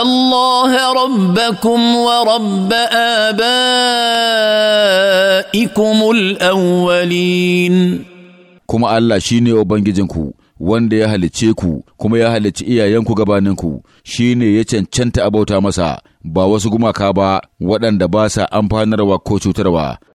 الله ربكم ورب آبائكم الأولين كما الله شيني وبنجنكو wanda ya halicce ku kuma ya halicci iyayenku gabaninku shi ne ya cancanta abauta masa ba wasu gumaka ba waɗanda ba sa amfanarwa ko cutarwa